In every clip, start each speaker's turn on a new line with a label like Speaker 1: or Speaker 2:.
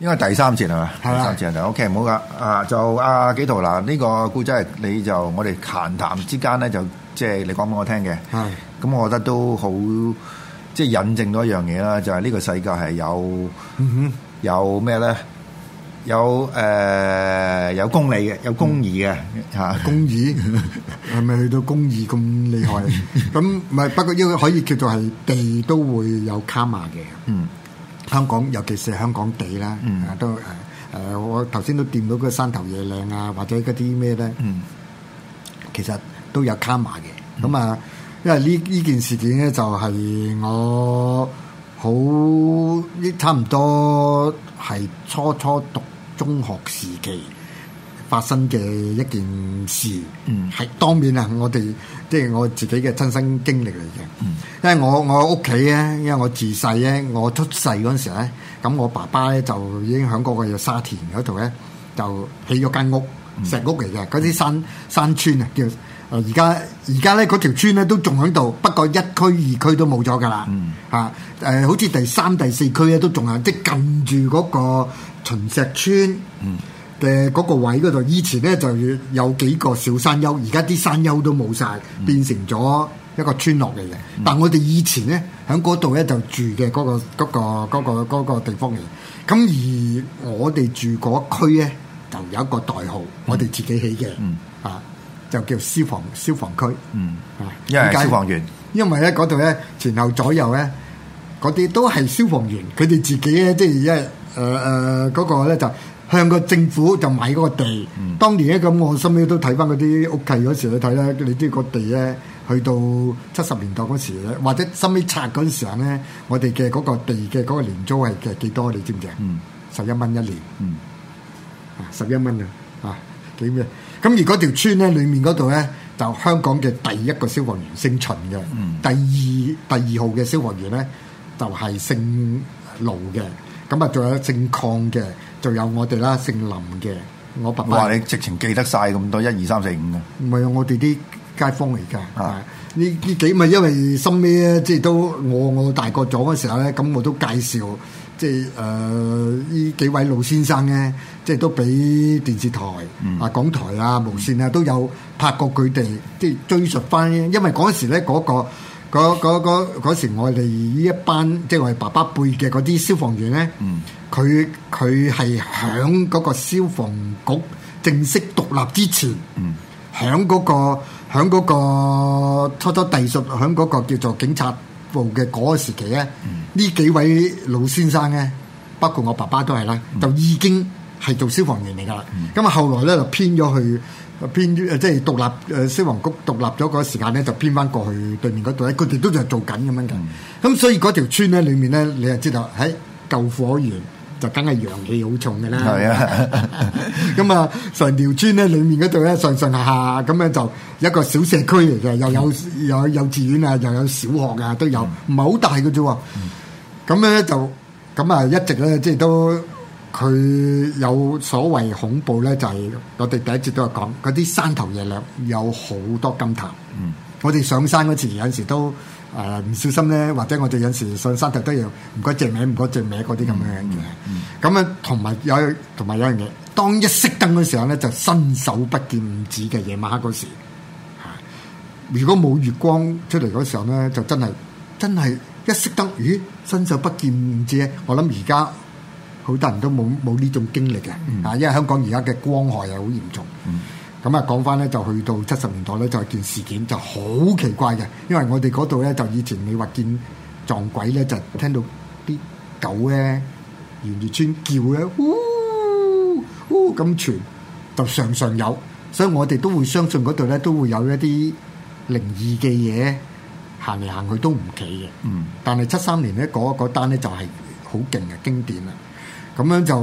Speaker 1: 應該第三節係嘛？係啦。第三節就 OK，唔好噶。啊，就阿紀陶嗱，呢、這個故仔，nei, 你就我哋閒談之間咧，就即係你講俾我聽嘅。係。咁我覺得都好，即係引證多一樣嘢啦，就係呢個世界係有，mm hmm. 有咩咧？有誒、呃，有公理嘅，有公義嘅，吓，
Speaker 2: 公義係咪去到公義咁厲害？咁唔係，不過呢個可以叫做係地都會有卡碼嘅。嗯。香港尤其是香港地啦，嗯、都誒、呃，我頭先都掂到嗰山頭野嶺啊，或者嗰啲咩咧，嗯、其實都有卡碼嘅。咁啊、嗯，因為呢呢件事件咧，就係我好差唔多係初初讀中學時期，發生嘅一件事，係、嗯、當面啊！我哋即係我自己嘅親身經歷嚟嘅。嗯、因為我我屋企咧，因為我自細咧，我出世嗰陣時咧，咁我爸爸咧就已經喺嗰個沙田嗰度咧，就起咗間屋，嗯、石屋嚟嘅。嗰啲山山村啊，叫而家而家咧嗰條村咧都仲喺度，不過一區二區都冇咗噶啦。嚇誒、嗯，好似第三第四區咧都仲係即係近住嗰個秦石村。嗯嘅嗰個位嗰度，以前咧就有幾個小山丘，而家啲山丘都冇晒，變成咗一個村落嚟嘅。嗯、但我哋以前咧喺嗰度咧就住嘅嗰、嗰個嗰、嗰個嗰個嗰個地方嚟。咁而我哋住嗰區咧就有一個代號，嗯、我哋自己起嘅，嗯、啊就叫消防消防區。
Speaker 1: 嗯，啊，因為消防員，
Speaker 2: 為因為咧嗰度咧前後左右咧嗰啲都係消防員，佢哋自己咧即係一誒誒嗰個咧就。向個政府就買嗰個地，嗯、當年咧咁，我後尾都睇翻嗰啲屋契嗰時去睇咧，你知個地咧去到七十年代嗰時咧，或者後尾拆嗰陣時咧，我哋嘅嗰個地嘅嗰個年租係嘅幾多？你知唔知啊？十一蚊一年，啊十一蚊啊，啊點嘅？咁而嗰條村咧，裏面嗰度咧，就香港嘅第一個消防員姓秦嘅，第二第二號嘅消防員咧就係姓盧嘅，咁啊仲有姓鄺嘅。就有我哋啦，姓林
Speaker 1: 嘅，我爸爸。我話你直情記得晒咁多一二三四
Speaker 2: 五嘅。唔係的，我哋啲街坊嚟噶。啊，呢呢幾咪因為深尾咧，即係都我我大個咗嘅時候咧，咁我都介紹即係誒呢幾位老先生咧，即係都俾電視台、嗯、啊、港台啊、無線啊都有拍過佢哋，即係追述翻。因為嗰時咧嗰，那個。嗰時，我哋呢一班即係我哋爸爸輩嘅嗰啲消防員咧，佢佢係響嗰個消防局正式獨立之前，響嗰、嗯嗰個響嗰個初初隸屬，響嗰個叫做警察部嘅嗰個時期咧，呢、嗯、幾位老先生咧，包括我爸爸都係啦，嗯、就已經，係做消防員嚟噶啦，咁啊後來咧就偏咗去偏即係獨立誒消防局獨立咗嗰時間咧就偏翻過去對面嗰度，佢哋都就做緊咁樣嘅，咁所以嗰條村咧裏面咧你就知道喺救火員就梗係陽氣好重嘅啦，係啊，咁啊上寮村咧裏面嗰度咧上上下下咁樣就一個小社區嚟，又又有有幼稚園啊，又有小學啊都有，唔係好大嘅啫喎，咁咧就咁啊一直咧即係都。佢有所謂恐怖咧，就係、是、我哋第一次都有講嗰啲山頭夜嶺有好多金塔，嗯，我哋上山嗰時有陣時都誒唔、呃、小心咧，或者我哋有陣時上山頭都要唔該隻名，唔該隻名嗰啲咁樣嘅。咁啊、嗯，同、嗯、埋有同埋有一樣嘢，當一熄燈嗰時候咧，就伸手不見五指嘅夜晚黑嗰時嚇，如果冇月光出嚟嗰時候咧，就真係真係一熄燈，咦，伸手不見五指。我諗而家。好多人都冇冇呢種經歷嘅，啊，因為香港而家嘅光害係好嚴重。咁啊，講翻咧就去到七十年代咧，就一段事件就好奇怪嘅。因為我哋嗰度咧就以前你話見撞鬼咧，就聽到啲狗咧沿住村叫咧，嗚嗚咁傳，就常常有。所以我哋都會相信嗰度咧都會有一啲靈異嘅嘢行嚟行去都唔企嘅。嗯，但係七三年咧嗰嗰單咧就係好勁嘅經典啦。咁樣就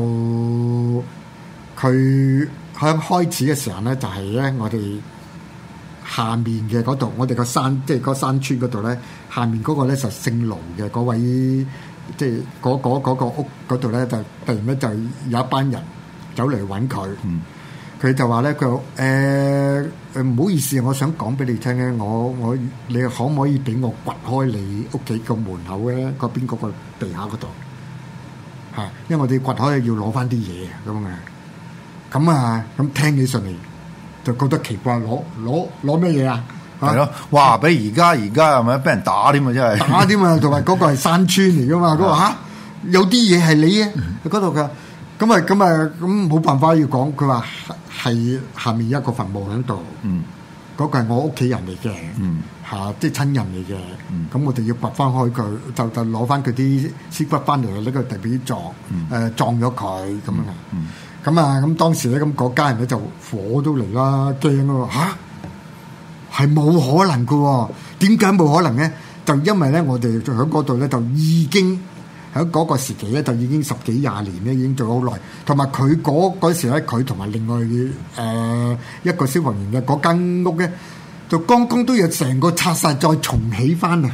Speaker 2: 佢喺開始嘅時候咧，就係咧我哋下面嘅嗰度，我哋個山即係個山村嗰度咧，下面嗰個咧就姓盧嘅嗰位，即係嗰個屋嗰度咧，就突然間就有一班人走嚟揾佢，佢、嗯、就話咧佢誒誒唔好意思，我想講俾你聽咧，我我你可唔可以俾我掘開你屋企個門口咧嗰邊嗰個地下嗰度？因為我哋掘開要攞翻啲嘢啊，咁啊，咁啊，咁聽起上嚟就覺得奇怪，攞攞攞咩嘢啊？係咯，哇！俾而家而家係咪啊，俾 人打添 啊，真係打添啊！同埋嗰個係山村嚟噶嘛，佢話吓有啲嘢係你啊，嗰度噶，咁啊咁啊咁冇辦法要講，佢話係下面一個墳墓喺度。嗯嗰個係我屋企人嚟嘅，嚇、嗯啊，即係親人嚟嘅，咁、嗯、我哋要拔翻開佢，嗯、就就攞翻佢啲屍骨翻嚟，去呢個地表葬，誒、呃，葬咗佢咁樣。咁啊，咁當時咧，咁、那、嗰、個、家人咧就火都嚟啦，驚啊，吓？係冇可能嘅，哦，點解冇可能咧？就因為咧，我哋喺嗰度咧，就已經。喺嗰個時期咧，就已經十幾廿年咧，已經做咗好耐。同埋佢嗰時咧，佢同埋另外誒一個消防員嘅嗰間屋咧，就剛剛都要成個拆晒，再重起翻啊！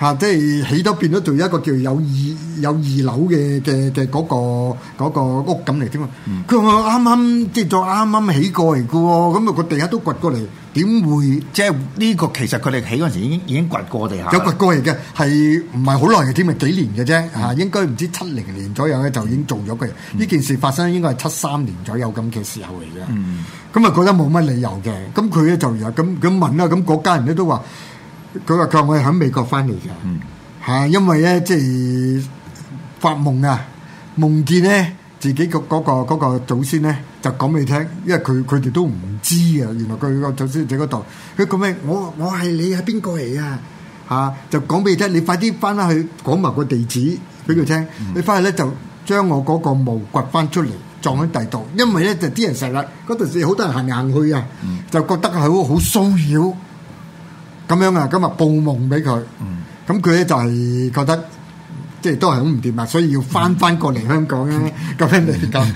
Speaker 2: 嚇，即係起都變咗做一個叫有二有二樓嘅嘅嘅嗰個嗰個屋咁嚟添。嘛、嗯。佢話啱啱接咗啱啱起過嚟嘅喎，咁啊個
Speaker 1: 地下都掘過嚟，點會即係呢個？其實佢哋起嗰陣時已經已經掘過地下。有掘
Speaker 2: 過嚟嘅，係唔係好耐嘅添啊？幾年嘅啫嚇，嗯、應該唔知七零年左右咧就已經做咗佢，呢件事發生應該係七三年左右咁嘅時候嚟
Speaker 3: 嘅。
Speaker 2: 咁啊、嗯、覺得冇乜理由嘅，咁佢咧就咁咁問啦，咁、那、嗰、個、家人咧都話。佢話：佢我係喺美國翻嚟嘅，嚇，因為咧即係發夢啊，夢見咧自己個嗰個嗰個祖先咧就講俾你聽，因為佢佢哋都唔知啊，原來佢個祖先喺嗰度。佢講咩？我我係你係邊個嚟啊？嚇！就講俾你聽，你快啲翻返去講埋個地址俾佢聽。你翻去咧就將我嗰個墓掘翻出嚟，葬喺第度。因為咧就啲人成日嗰度事好多人行嚟行去啊，就覺得係好好騷擾。咁樣啊，今日報夢俾佢，咁佢咧就係覺得，即係都係好唔掂啊，所以要翻翻過嚟香港啊。咁樣嚟講，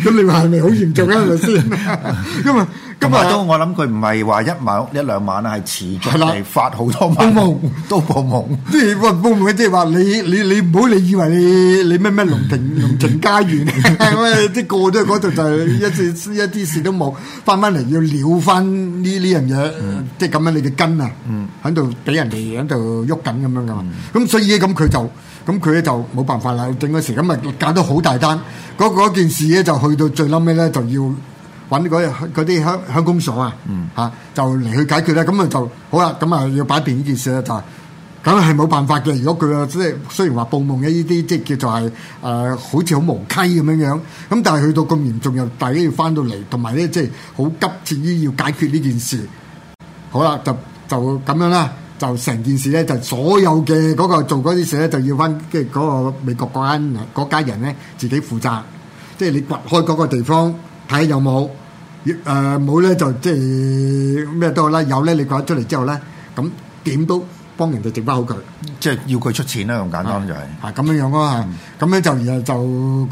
Speaker 2: 咁你話係咪好嚴重啊？係咪先？
Speaker 1: 因為，今日都我諗佢唔係話一晚一兩晚啦，係持續嚟發好多夢，都夢，都報夢。
Speaker 2: 即係溫夢嘅，即係話你你你唔好你以為你你咩咩龍庭龍庭家園，咁啊即係過咗嗰度就一啲一啲事都冇，翻翻嚟要撩翻呢呢樣嘢，即係咁樣你嘅根啊，喺度俾人哋喺度喐緊咁樣噶嘛。咁所以咧，咁佢就咁佢咧就冇辦法啦。整嗰時咁啊，搞到好大單。嗰件事咧就去到最嬲尾咧，就要。揾嗰啲鄉鄉公所啊，嚇就嚟去解決啦。咁啊就好啦，咁啊要擺平呢件事咧，就梗係冇辦法嘅。如果佢即係雖然話報夢嘅呢啲，即係叫做係誒、呃、好似好無稽咁樣樣，咁但係去到咁嚴重，又大家要翻到嚟，同埋咧即係好急切於要解決呢件事。好啦，就就咁樣啦，就成件事咧，就所有嘅嗰個做嗰啲事咧，就要翻即係嗰個美國嗰間嗰家人咧自己負責，即係你掘開嗰個地方。睇下有冇，誒冇咧就即係咩都好啦，有咧你掘出嚟之後咧，咁點都幫人哋整翻好
Speaker 1: 佢，即係要佢出錢啦，咁簡單就
Speaker 2: 係。啊，咁樣樣咯嚇，咁咧就然後就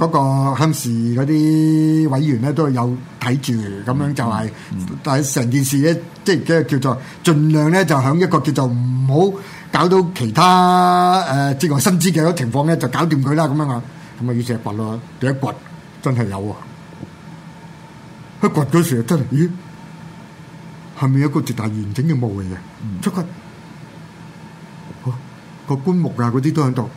Speaker 2: 嗰個鄉事嗰啲委員咧都有睇住，咁樣就係，但係成件事咧即係叫做盡量咧就響一個叫做唔好搞到其他誒之外新知嘅情況咧就搞掂佢啦咁樣啊，咁啊要成日掘咯，第一掘真係有真一掘嗰時啊，真嚟，咦，係咪有個絕大完整嘅墓嚟嘅？嗯、出骨，好、哦、個棺木啊，嗰啲都喺度。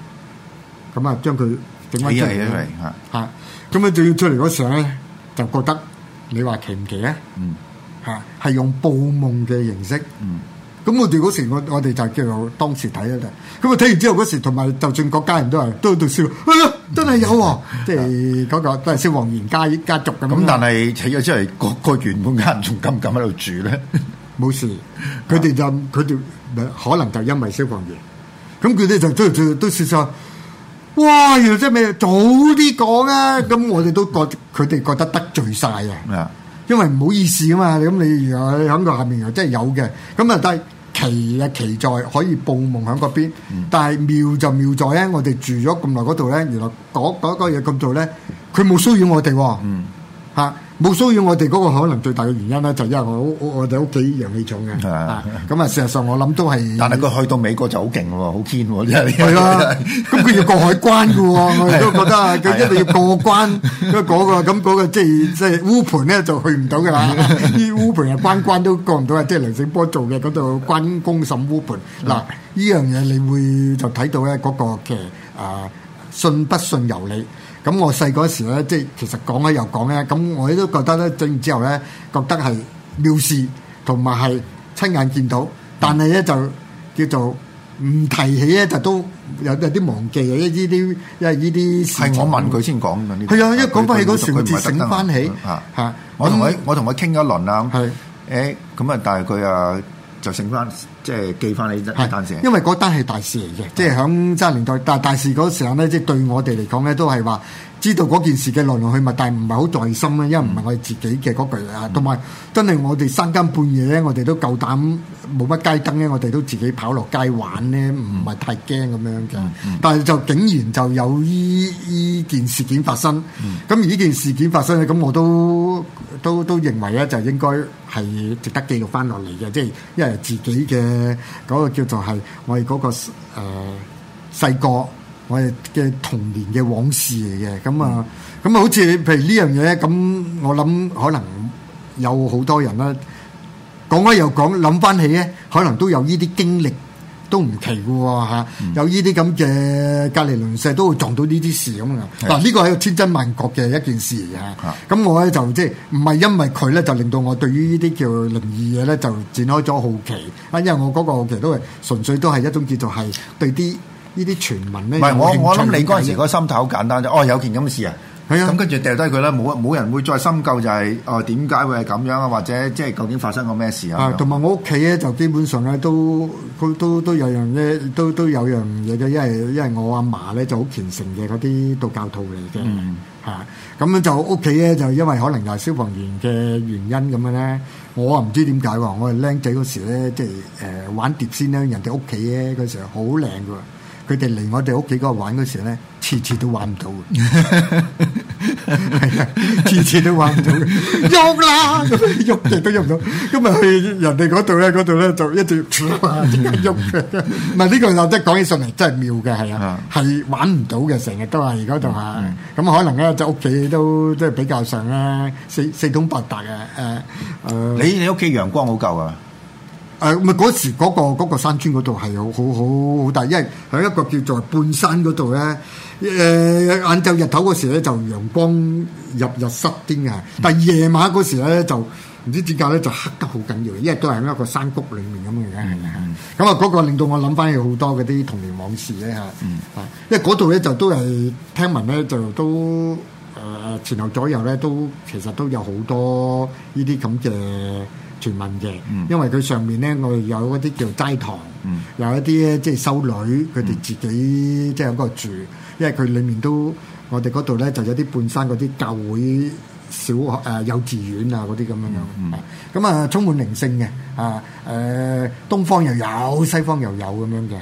Speaker 2: 咁、哎哎、啊，將佢整翻出嚟，吓
Speaker 1: 吓，
Speaker 2: 咁啊，就要出嚟嗰時咧，就覺得你話奇唔奇、嗯、啊？吓，係用報夢嘅形式。嗯咁我哋嗰時我我哋就叫做當時睇啦，咁啊睇完之後嗰時，同埋就算各家人都係都喺度笑，啊、真係有、啊，即係嗰個都係消防員
Speaker 1: 家家族咁。咁 但係睇咗之後，個個原本嘅人仲敢唔敢
Speaker 2: 喺度住咧？冇 事，佢哋就佢哋可能就因為消防員，咁佢哋就都都都説：嘩！原來真係早啲講啊！咁我哋都覺佢哋覺得得罪晒啊，因為唔好意思啊嘛。咁你又喺個下面又真係有嘅，咁啊但。奇啊，奇在可以報夢喺嗰邊，嗯、但係妙就妙在咧，我哋住咗咁耐嗰度咧，原來嗰、嗰、嗰個嘢咁做咧，佢冇騷擾我哋、哦，嗯，吓、啊。冇騷擾我哋嗰個可能最大嘅原因咧，就因為我我我哋屋企陽氣重嘅，咁啊，事實上我諗都係。但係佢去到美國就好勁
Speaker 1: 喎，好堅喎呢樣嘢。係啦，
Speaker 2: 咁佢要過海關嘅喎，我哋都覺得佢一定要過關，因為嗰個咁嗰個即係即係烏盤咧就去唔到嘅啦。烏盤啊關關都過唔到啊，即係梁醒波做嘅嗰度關公審烏盤。嗱，呢樣嘢你會就睇到咧嗰個嘅啊，信不信由你。咁我細個時咧，即係其實講咧又講咧，咁我都覺得咧，整完之後咧，覺得係妙事，同埋係親眼見到，但係咧就叫做唔提起咧，就都有有啲忘記一啲啲，因為呢啲，因為呢啲係我問佢先講噶，佢有，一講翻起嗰時，佢就醒翻起，
Speaker 1: 吓，我同佢，我同佢傾咗一輪啦，係，誒，咁啊，但係佢啊。就剩翻即係寄翻你。因為嗰
Speaker 2: 單係大事嚟嘅，即係響嗰個年代，但 係大事嗰時候咧，即係對我哋嚟講咧，都係話。知道嗰件事嘅來來去去，但係唔係好在心咧，因為唔係我哋自己嘅嗰句啊。同埋、嗯、真係我哋三更半夜咧，我哋都夠膽冇乜街燈咧，我哋都自己跑落街玩咧，唔係、嗯、太驚咁樣嘅。嗯、但係就竟然就有依依件事件發生。咁而呢件事件發生咧，咁我都都都認為咧，就應該係值得記錄翻落嚟嘅，即係因為自己嘅嗰、嗰個叫做係我哋嗰個誒細個。呃細我哋嘅童年嘅往事嚟嘅，咁、嗯、啊，咁啊，好似譬如呢樣嘢咁，我諗可能有好多人啦。講開又講，諗翻起咧，可能都有呢啲經歷，都唔奇嘅吓。有呢啲咁嘅隔籬鄰舍，都會撞到呢啲事咁嘅。嗱的，呢個係個千真萬確嘅一件事嚟吓。咁的我咧就即係唔係因為佢咧就令到我對於呢啲叫靈異嘢咧就展開咗好奇啊，因為我嗰個好奇都係純粹都係一種叫做係對啲。呢啲傳聞咧，唔係不我我諗你嗰陣時個
Speaker 1: 心態好簡單啫。哦，有件咁嘅事啊，咁跟住掉低佢啦，冇冇人會再深究就係誒點解會係咁樣啊？或者即係究竟發生過咩事啊？同
Speaker 2: 埋樣我屋企咧就基本上咧都都都都都有樣咧，都都有樣嘢嘅。因為因為我阿嫲咧就好虔誠嘅嗰啲道教徒嚟嘅嚇，咁樣、嗯啊、就屋企咧就因為可能又係消防員嘅原因咁樣咧，我唔知點解喎。我係僆仔嗰時咧即係誒玩碟仙咧，人哋屋企咧嗰時候好靚㗎。佢哋嚟我哋屋企嗰度玩嗰時候咧，次次都玩唔到係啊，次 次都玩唔到喐啦，喐嘅都喐唔到，今日去人哋嗰度咧，嗰度咧就一直，喐嘅？唔係呢個真講起上嚟真係妙嘅，係啊，係 玩唔到嘅，成日都話而家度吓，咁、嗯嗯、可能咧就屋企都即係比較上咧，四四通八達嘅，誒、呃、誒，你你屋企陽光好夠啊！誒咪嗰時嗰、嗰個嗰個山村嗰度係好好好好大，因為喺一個叫做半山嗰度咧，誒晏晝日頭嗰時咧就陽光入入室啲嘅，但係夜晚嗰時咧就唔知點解咧就黑得好緊要，因為都係一個山谷裡面咁樣嘅。咁啊嗰個令到我諗翻起好多嗰啲童年往事咧嚇，嗯、因為嗰度咧就都係聽聞咧就都誒、呃、前後左右咧都其實都有好多呢啲咁嘅。傳聞嘅，因為佢上面咧，我哋有嗰啲叫齋堂，有一啲咧即係修女，佢哋自己即係喺度住，因為佢裏面都我哋嗰度咧就有啲半山嗰啲教會、小學、誒幼稚園啊嗰啲咁樣樣，咁啊充
Speaker 1: 滿靈性嘅啊誒，東方又有，西方又有咁樣嘅。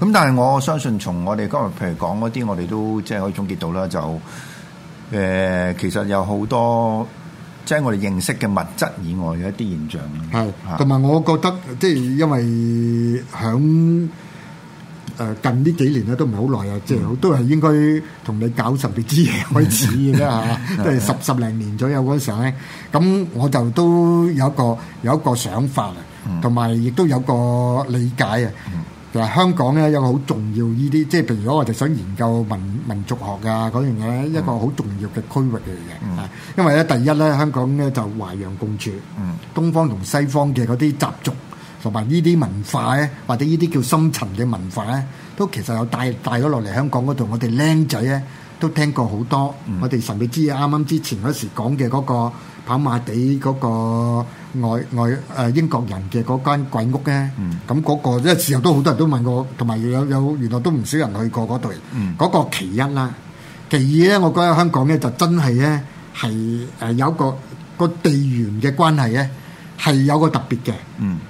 Speaker 1: 咁但係我相信，從我哋今日譬如講嗰啲，我哋都即係可以總結到啦，就誒其實有好多。即係我哋認識嘅物質以外嘅一啲現象咯。係，同埋
Speaker 2: 我覺得即係因為響誒近呢幾年咧，都唔係好耐啊，即係都係應該同你搞特別之嘢開始嘅啫嚇，都係十十零年左右嗰陣時，咁我就都有個有一個想法啊，同埋亦都有個理解啊。就香港咧，有個好重要呢啲，即係譬如講，我哋想研究民民族學啊嗰樣嘢咧，嗯、一個好重要嘅區域嚟嘅。嗯、因為咧，第一咧，香港咧就華洋共處，嗯、東方同西方嘅嗰啲習俗同埋呢啲文化咧，或者呢啲叫深層嘅文化咧，都其實有帶帶咗落嚟香港嗰度。我哋僆仔咧都聽過好多，嗯、我哋甚至知啊，啱啱之前嗰時講嘅嗰個跑馬地嗰、嗰個。外外誒、呃、英國人嘅嗰間鬼屋咧，咁嗰、嗯嗰個即係時候都好多人都問過，同埋有有，有原來都唔少人去過嗰度，嗰、嗯、個其一啦、啊，其二咧，我覺得香港咧就真係咧係誒有一個、嗰個地緣嘅關係咧。係有個特別嘅，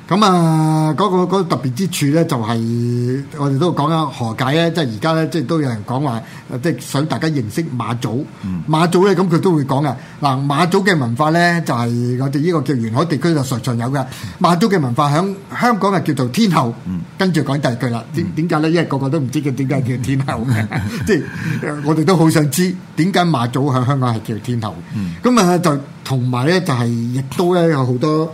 Speaker 2: 咁啊嗰個嗰特別之處咧，就係我哋都講下何解咧？即係而家咧，即係都有人講話，即係想大家認識馬祖。馬祖咧，咁佢都會講噶。嗱，馬祖嘅文化咧，就係我哋依個叫沿海地區就常常有噶。馬祖嘅文化響香港係叫做天后，跟住講第二句啦。點點解咧？因為個個都唔知佢點解叫天后嘅，即係我哋都好想知點解馬祖響香港係叫天后。咁啊，就同埋咧，就係亦都咧有好多。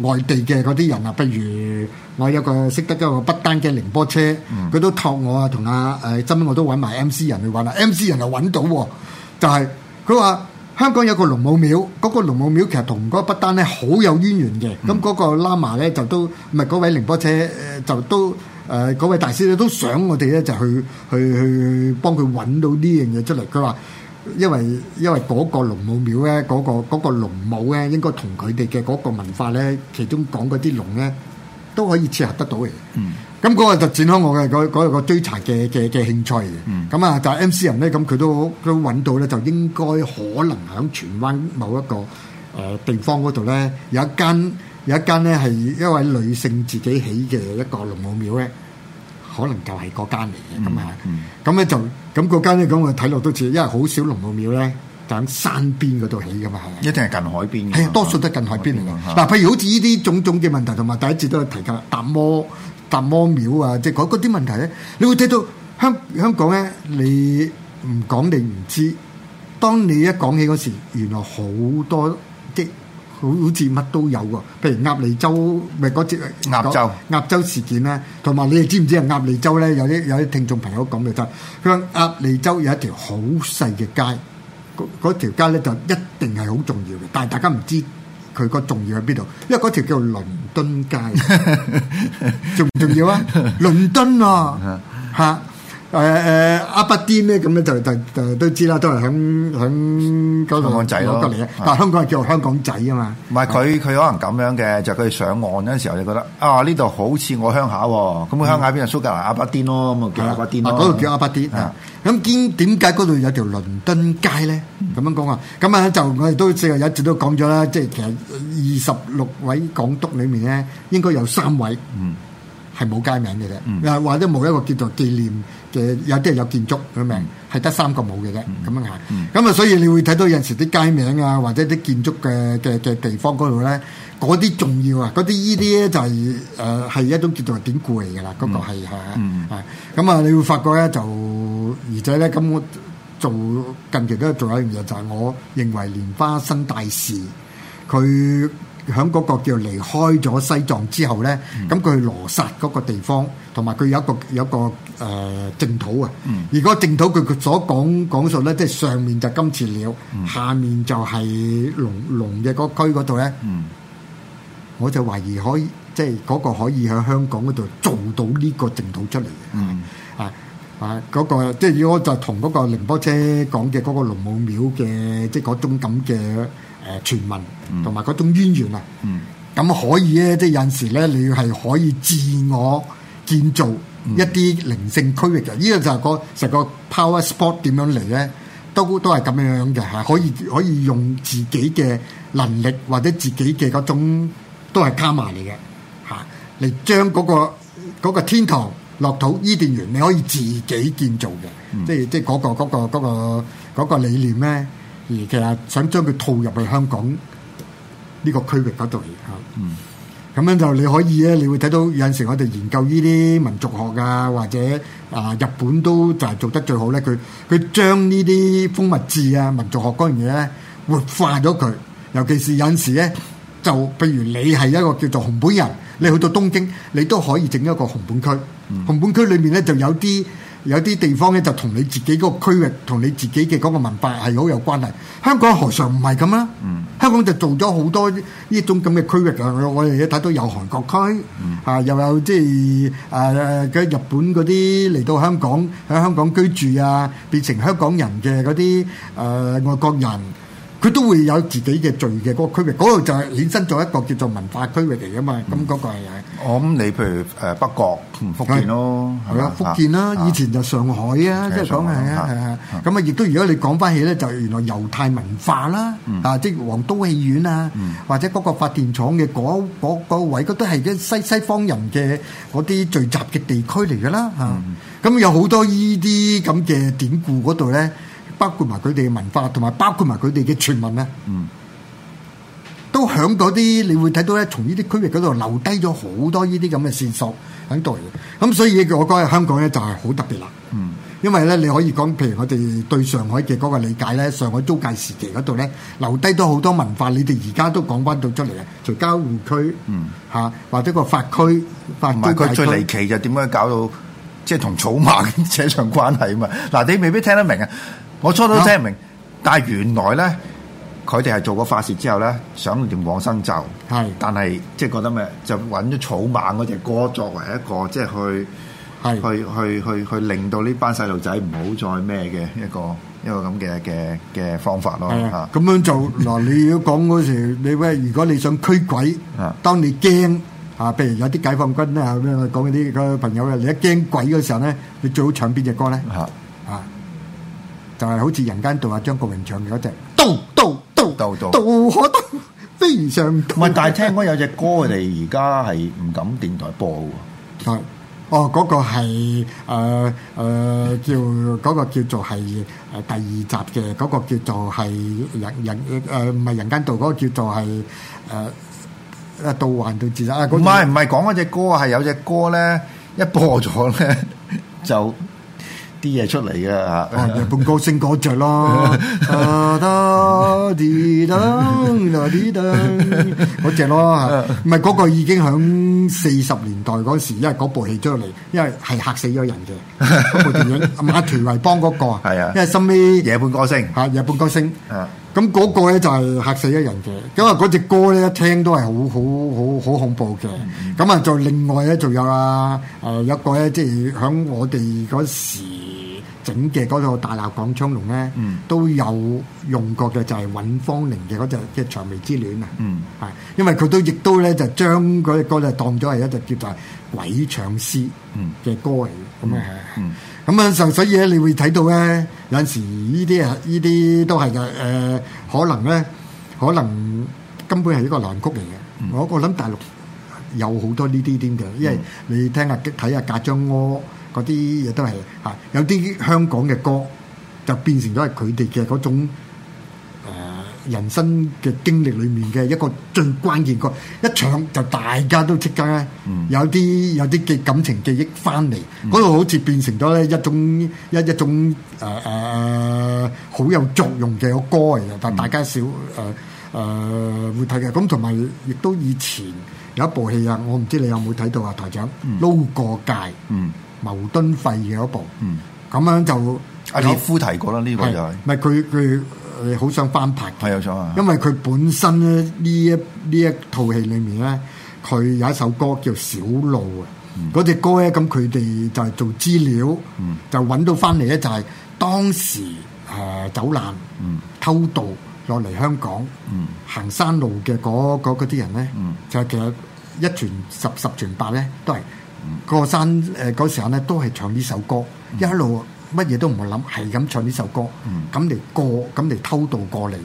Speaker 2: 外地嘅嗰啲人啊，不如我有個識得一個不丹嘅凌波車，佢、嗯、都託我啊，同阿誒，後我都揾埋 M C 人去揾啦，M C 人又揾到喎，就係佢話香港有個龍母廟，嗰、嗰個龍母廟其實同嗰不丹咧好有淵源嘅，咁嗰、嗯、個喇嘛咧就都唔係嗰位凌波車就都誒嗰、呃、位大師咧都想我哋咧就去去去幫佢揾到呢樣嘢出嚟，佢話。因為因為嗰個龍母廟咧，嗰個嗰個龍母咧，應該同佢哋嘅嗰個文化咧，其中講嗰啲龍咧，都可以切合得到嘅。嗯。咁嗰個就展開我嘅嗰嗰個追查嘅嘅嘅興趣嘅。嗯。咁啊，就係 MC 人咧，咁佢都都揾到咧，就應該可能喺荃灣某一個誒地方嗰度咧，有一間有一間咧係一位女性自己起嘅一個龍母廟咧。可能就係嗰間嚟
Speaker 1: 嘅。
Speaker 2: 咁啊，咁咧就咁嗰間咧，咁我睇落都似，因為好少龍母廟咧，就喺山邊嗰度起噶嘛，一
Speaker 1: 定係近海邊嘅，多數都近
Speaker 2: 海邊嚟㗎。嗱，譬如好似呢啲種種嘅問題，同埋第一次都提及達摩達摩廟啊，即係嗰嗰啲問題咧，你會睇到香香港咧，你唔講你唔知，當你一講起嗰時，原來好多的。好似乜都有喎，譬如鴨脷洲咪嗰隻鴨洲鴨洲事件咧，同埋你哋知唔知啊？鴨脷洲咧有啲有啲聽眾朋友講嘅就，佢鴨脷洲有一條好細嘅街，嗰嗰條街咧就一定係好重要嘅，但係大家唔知佢個重要喺邊度，因為嗰條叫做倫敦街，重唔重要啊？倫敦啊嚇！誒誒、呃、阿伯甸咧咁咧就就就,就,就都知啦，都係響響嗰個香港仔咯，但香港係叫做香港仔啊嘛。
Speaker 1: 唔係佢佢可能咁樣嘅，就佢、是、上岸嗰陣時候，你覺得啊呢度好似我鄉下喎、哦，佢、嗯、鄉下邊啊蘇格蘭阿伯甸咯，咁啊叫阿伯甸。嗰度、啊、叫阿伯甸是啊,啊。咁兼點解嗰度有條倫敦
Speaker 2: 街咧？咁、嗯、樣講啊。咁啊就我哋都四個一直都講咗啦，即係其實二十六位港督裡面咧，應該有三位。嗯。嗯係冇街名嘅啫，嗯、或者冇一個叫做紀念嘅，有啲係有建築嘅名，係得三個冇嘅啫咁樣啊。咁啊，所以你會睇到有陣時啲街名啊，或者啲建築嘅嘅嘅地方嗰度咧，嗰啲重要啊，嗰啲依啲咧就係誒係一種叫做典故嚟㗎啦。嗰、嗯嗯、個係嚇咁啊，嗯嗯、你會發覺咧，就而且咧咁我做近期都做一件嘢，就係、是、我認為蓮花生大士。佢。喺嗰個叫離開咗西藏之後咧，咁佢、嗯、去羅剎嗰個地方，同埋佢有一個有一個誒淨、呃、土啊。如果淨土佢佢所講講述咧，即係上面就金錢了，嗯、下面就係農農業嗰區嗰度咧。嗯、我就懷疑可以即係嗰個可以喺香港嗰度做到呢個淨土出嚟嘅。嗯啊！嗰、那個即係如果就同嗰個寧波車講嘅嗰個龍母廟嘅即係嗰種咁嘅誒傳聞，同埋嗰種淵源啊，咁、mm. 可以咧，即係有時咧，你係可以自我建造一啲靈性區域嘅。Mm. 個呢個就係個就係 power spot r 點樣嚟咧，都都係咁樣樣嘅嚇。可以可以用自己嘅能力或者自己嘅嗰種都係卡埋嚟嘅嚇，嚟、啊、將嗰、那個嗰、那個天堂。落土伊甸園你可以自己建造嘅，即係即係嗰個嗰個嗰個嗰個理念咧。而其實想將佢套入去香港呢個區域嗰度嚟嚇，咁樣就你可以咧。你會睇到有陣時我哋研究呢啲民族學啊，或者啊日本都就係做得最好咧。佢佢將呢啲風物志啊、民族學嗰樣嘢咧活化咗佢，尤其是有陣時咧。就譬如你係一個叫做紅本人，你去到東京，你都可以整一個紅本區。紅本區裏面咧就有啲有啲地方咧，就同你自己個區域同你自己嘅嗰個文化係好有關係。香港何嘗唔係咁啦？香港就做咗好多呢種咁嘅區域啊！我哋一睇到有韓國區啊，又有即係誒嘅日本嗰啲嚟到香港喺香港居住啊，變成香港人嘅嗰啲誒外國人。佢都會有自己嘅聚嘅嗰個區域，嗰度就係衍生咗一個叫做文化區域嚟噶嘛。咁嗰個係我
Speaker 1: 諗你譬如誒北角福建咯，係啊福建啦。
Speaker 2: 以前就上海啊，即係講係啊係啊。咁啊，亦都如果你講翻起咧，就原來猶太文化啦，啊，即係皇都戲院啊，或者嗰個發電廠嘅嗰嗰嗰位，佢都係嘅西西方人嘅嗰啲聚集嘅地區嚟噶啦。嚇，咁有好多依啲咁嘅典故嗰度咧。包括埋佢哋嘅文化，同埋包括埋佢哋嘅傳聞咧，嗯、都響嗰啲，你會睇到咧，從呢啲區域嗰度留低咗好多呢啲咁嘅線索喺度嘅。咁所以我覺得香港咧就係好特別啦。嗯，因為咧你可以講，譬如我哋對上海嘅嗰個理解咧，上海租界時期嗰度咧，留低咗好多文化。你哋而家都講翻到出嚟嘅，就交
Speaker 1: 互區，嗯，嚇、啊、或者個法區。法區佢最離奇就點樣搞到即係同草蜢扯上關係啊嘛？嗱，你未必聽得明啊。我初初都聽唔明，但係原來咧，佢哋係做過發洩之後咧，想念往生咒，但係即係覺得咩，就揾咗草蜢嗰隻歌作為一個即係去去去去去令到呢班細路仔唔好再咩嘅一個一個咁嘅嘅嘅方法咯嚇。
Speaker 2: 咁樣做嗱，你要講嗰時，你喂如果你想驅鬼，當你驚嚇，譬如有啲解放軍啊咩講嗰啲個朋友啊，你一驚鬼嗰時候咧，你最好唱邊隻歌咧？嚇啊！就係好似《人間道》啊，張
Speaker 1: 國榮唱嘅嗰隻，道道道道道可道非常。唔係，但係聽講有隻歌， 我哋而家係唔敢電台播喎、哎。哦，嗰、嗰個係
Speaker 2: 誒、呃呃、叫嗰、嗰個叫做係誒第二集嘅嗰、嗰個叫做係人人誒唔係《呃、人間道》嗰、嗰個叫做係誒
Speaker 1: 誒《道還道自殺》啊。唔係唔係講嗰隻歌啊，係有隻歌咧，一播咗咧就。 啲嘢出嚟嘅、啊、夜半歌聲嗰隻
Speaker 2: 咯，嗰隻咯唔係嗰個，已經響四十年代嗰時，因為嗰部戲出嚟，因為係嚇死咗人嘅，嗰 部電影。阿馬徐維邦嗰，那個啊，因為收尾夜半歌聲嚇，夜半、啊、歌聲、啊咁嗰個咧就係嚇死一人嘅，因為嗰隻歌咧一聽都係好好好好恐怖嘅。咁啊、mm，hmm. 就另外咧，仲有啊誒一個咧，即係響我哋嗰時整嘅嗰套大《大鬧廣昌隆》咧、hmm.，都有用過嘅，就係尹芳玲嘅嗰隻《即長眉之戀》啊。嗯、mm，係、hmm.，因為佢都亦都咧就將嗰隻歌咧當咗係一隻叫做鬼唱詩嘅歌嚟嘅，咁啊係。Hmm. 樣咁啊，就所以咧，你會睇到咧，有陣時呢啲啊，呢啲都係誒，可能咧，可能根本係一個難曲嚟嘅。我我諗大陸有好多呢啲啲嘅，因為你聽下睇下賈樟柯嗰啲嘢都係嚇，有啲香港嘅歌就變成咗係佢哋嘅嗰種。人生嘅經歷裏面嘅一個最關鍵，個一唱就大家都即刻咧，有啲有啲嘅感情記憶翻嚟，嗰度好似變成咗咧一種一一種誒誒誒好有作用嘅歌嚟嘅，但大家少誒誒會睇嘅。咁同埋亦都以前有一部戲啊，我唔知你有冇睇到啊？台長《撈過界》。嗯。茅盾費嘅一部。嗯。咁樣就阿葉夫提過啦，呢個就係。唔係佢佢。誒好想翻拍
Speaker 1: 係有錯嘅，因
Speaker 2: 為佢本身咧呢一呢一套戲裡面咧，佢有一首歌叫《小路》啊、嗯。嗰隻歌咧，咁佢哋就係做資料，嗯、就揾到翻嚟咧，就係當時誒、呃、走難、嗯、偷渡落嚟香港、嗯、行山路嘅嗰啲人咧，嗯、就其實一傳十、十傳百咧，都係、嗯、過山誒嗰、呃、時候咧，都係唱呢首歌一路。乜嘢都唔會諗，係咁唱呢首歌，咁嚟、嗯、過，咁嚟偷渡過嚟嘅。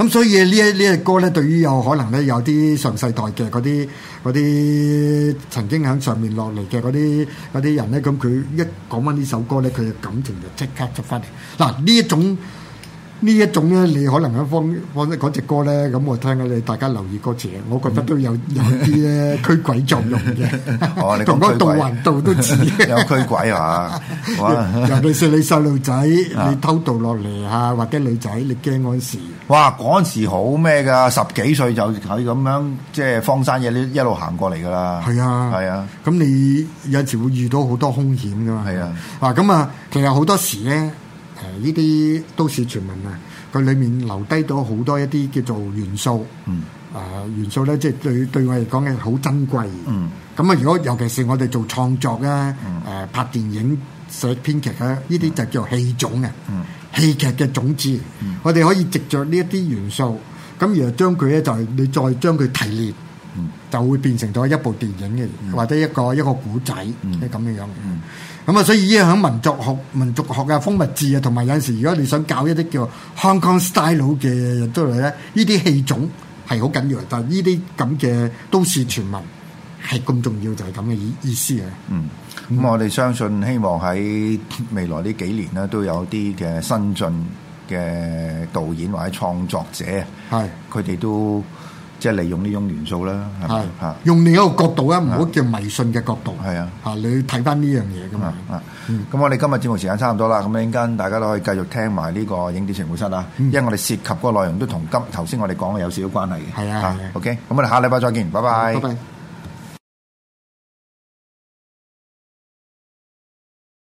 Speaker 2: 咁、嗯、所以呢一呢隻歌咧，對於有可能咧，有啲上世代嘅嗰啲啲曾經響上面落嚟嘅嗰啲啲人咧，咁佢一講翻呢首歌咧，佢嘅感情就即刻就翻嚟。嗱，呢一種。呢一種咧，你可能喺方方嗰隻歌咧，咁我聽下你大家留意歌詞，我覺得都有有啲咧驅鬼作用嘅。同哋講驅鬼，都似。有 驅
Speaker 1: 鬼啊！尤其是你細路仔，你偷渡落嚟吓，啊、或者女仔，你驚嗰時。哇！嗰時好咩㗎？十幾歲就喺咁樣，即係荒山野嶺一路行過嚟㗎啦。
Speaker 2: 係啊，係啊。咁、啊、你有時會遇到好多凶險㗎嘛。係啊。嗱，咁啊，其實好多時咧。誒呢啲都市傳聞啊，佢裏面留低咗好多一啲叫做元素，嗯，啊、呃、元素咧，即係對對我嚟講嘅好珍貴，嗯，咁啊，如果尤其是我哋做創作啊、誒、嗯呃、拍電影寫編劇啊，呢啲就叫做戲種嘅、啊，嗯，戲劇嘅種子，嗯、我哋可以藉着呢一啲元素，咁然後將佢咧就係你再將佢提煉，就會變成咗一部電影嘅，或者一個一個古仔，係咁嘅樣。咁啊，所以依喺民族學、民族學嘅《風物志》啊，同埋有陣時，如果你想搞一啲叫 Hong Kong style 嘅入到嚟咧，呢啲戲種係好緊要。但係呢啲咁嘅
Speaker 1: 都市傳聞係咁重要，就係咁嘅意意思嘅。嗯，咁我哋相信，希望喺未來呢幾年咧，都有啲嘅新進嘅導演或者創作者，係佢哋都。即係利用呢種元素啦，係嚇用另一個角度啊，唔好叫迷信嘅角度。係 是啊，啊，嚇你睇翻呢樣嘢咁啊。咁我哋今日節目時間差唔多啦，咁陣間大家都可以繼續聽埋呢個影碟情報室啊，因為我哋涉及嗰個內容都同今頭先我哋講嘅有少少關係嘅。係、嗯、啊，OK。咁我哋下禮拜再見，拜拜，拜，拜。